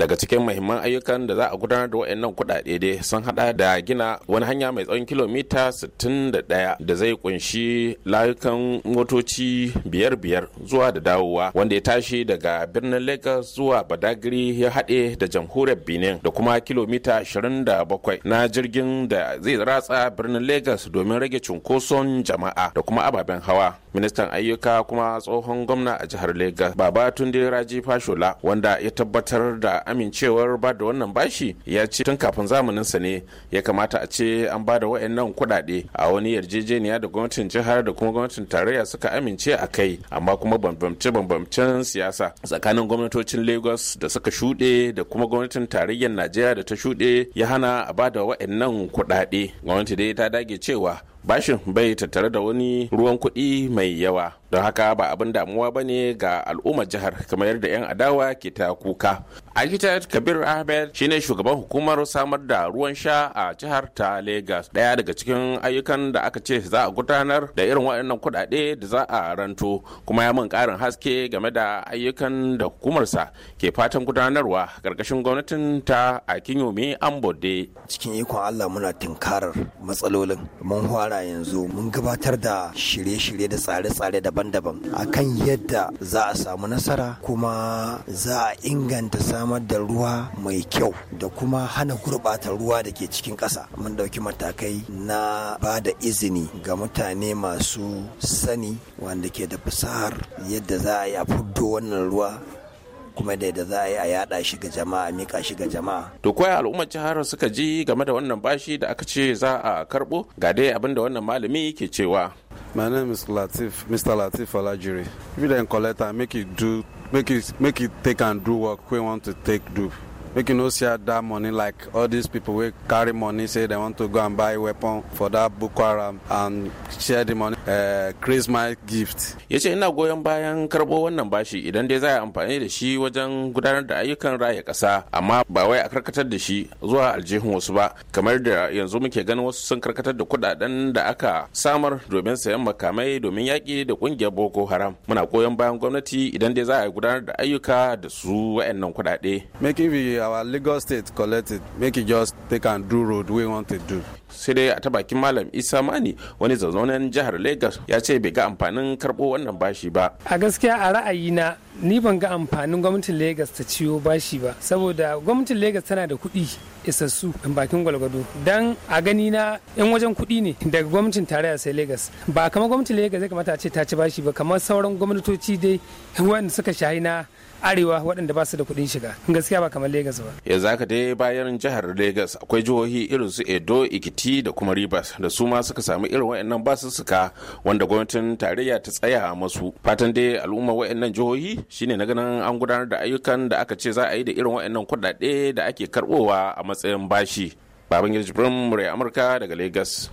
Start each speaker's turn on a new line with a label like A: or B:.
A: daga cikin mahimman ayyukan da za a gudanar da waɗannan kudade dai sun hada da gina wani hanya mai tsawon kilomita 61 da zai kunshi layukan motoci biyar biyar zuwa da dawowa wanda ya tashi daga birnin lagos zuwa badagiri ya haɗe da jamhuriyar benin da kuma kilomita 27 na jirgin da zai ratsa birnin lagos domin rage cunkoson jama'a da kuma ababen hawa ministan ayyuka kuma tsohon gwamna a jihar lagos tunde raji fashola wanda ya tabbatar da amincewar ba da wannan bashi ya ce tun kafin zamaninsa ne ya kamata a ce an ba da wa'annan kuɗaɗe a wani yarjejeniya da gwamnatin jihar da kuma gwamnatin tarayya suka amince a kai amma kuma bambamce-bambamcen siyasa tsakanin gwamnatocin lagos da suka shuɗe da kuma gwamnatin tarayyar najeriya da ta shuɗe ya hana a ba da wa'annan kuɗaɗe gwamnati dai ta dage cewa bashin bai tattare da wani ruwan kuɗi mai yawa don haka ba abin damuwa ba ne ga al'ummar jihar kamar yadda 'yan adawa ke ta kuka Architect Kabir Ahmed shine shugaban hukumar samar da ruwan sha a jihar ta Lagos. Daya daga cikin ayyukan da aka ce za a gudanar da irin waɗannan kuɗaɗe da za a ranto kuma ya mun ƙarin haske game da ayyukan da hukumarsa ke fatan gudanarwa
B: ƙarƙashin gwamnatin ta Akinyomi Ambode. Cikin ikon Allah muna tinkarar matsalolin mun fara yanzu mun gabatar da shirye-shirye da tsare-tsare daban-daban akan yadda za a samu nasara kuma za a inganta sa samar da ruwa mai kyau da kuma hana gurɓata ruwa da ke cikin ƙasa mun ɗauki matakai na ba da izini ga mutane masu sani wanda ke da fasahar yadda za a yi a fuddo wannan ruwa kuma da yadda za a yi a yada shi ga jama'a mika shi ga jama'a.
A: To koya al'ummar jihar suka ji game da wannan bashi da aka ce za a karbo ga dai abin da wannan malami ke cewa.
C: My name is Latif, Mr. Latif alajiri If you don collect i make you do make you make you take and do work wey you want to take do make you no share that money like all these people wey carry money say they want to go and buy
A: weapon for that boko haram and share the money uh, eh, christmas gift ya ce ina goyon bayan karbo wannan bashi idan dai za a amfani da shi wajen gudanar da ayyukan raya kasa amma ba wai a karkatar da shi zuwa aljihun wasu ba kamar da yanzu muke ganin wasu sun karkatar da kudaden da aka samar domin sayan makamai domin yaƙi da ƙungiyar boko haram muna goyon bayan gwamnati idan dai za a gudanar da ayyuka da su wa'annan kuɗaɗe. making our lagos state collect it make e just take and do road wey want to do sai dai a ta bakin malam isa mani wani zazzaunan jihar lagos ya ce bai ga amfanin karɓo wannan bashi ba
D: a gaskiya a ra'ayina ni ban ga amfanin gwamnatin Legas ta ciyo bashi ba saboda gwamnatin Legas tana da kuɗi isassu bakin gwalgwado dan a gani na yan wajen kuɗi ne daga gwamnatin tarayya sai Legas ba kamar gwamnatin Legas ya kamata a ce ta ci bashi ba kamar sauran gwamnatoci dai wanda suka shahi na arewa waɗanda ba su da kuɗin shiga gaskiya ba kamar Legas ba
A: Ya zaka dai bayan jihar Legas akwai jihohi irin su Edo Ikiti da kuma Rivers da su ma suka samu irin su basussuka wanda gwamnatin tarayya ta tsaya masu fatan dai al'umma wa'annan jihohi shine na ganin an gudanar da ayyukan da aka ce za a yi da irin waɗannan kuɗaɗe da ake karɓowa a matsayin bashi babangida jibrin murai amurka daga lagos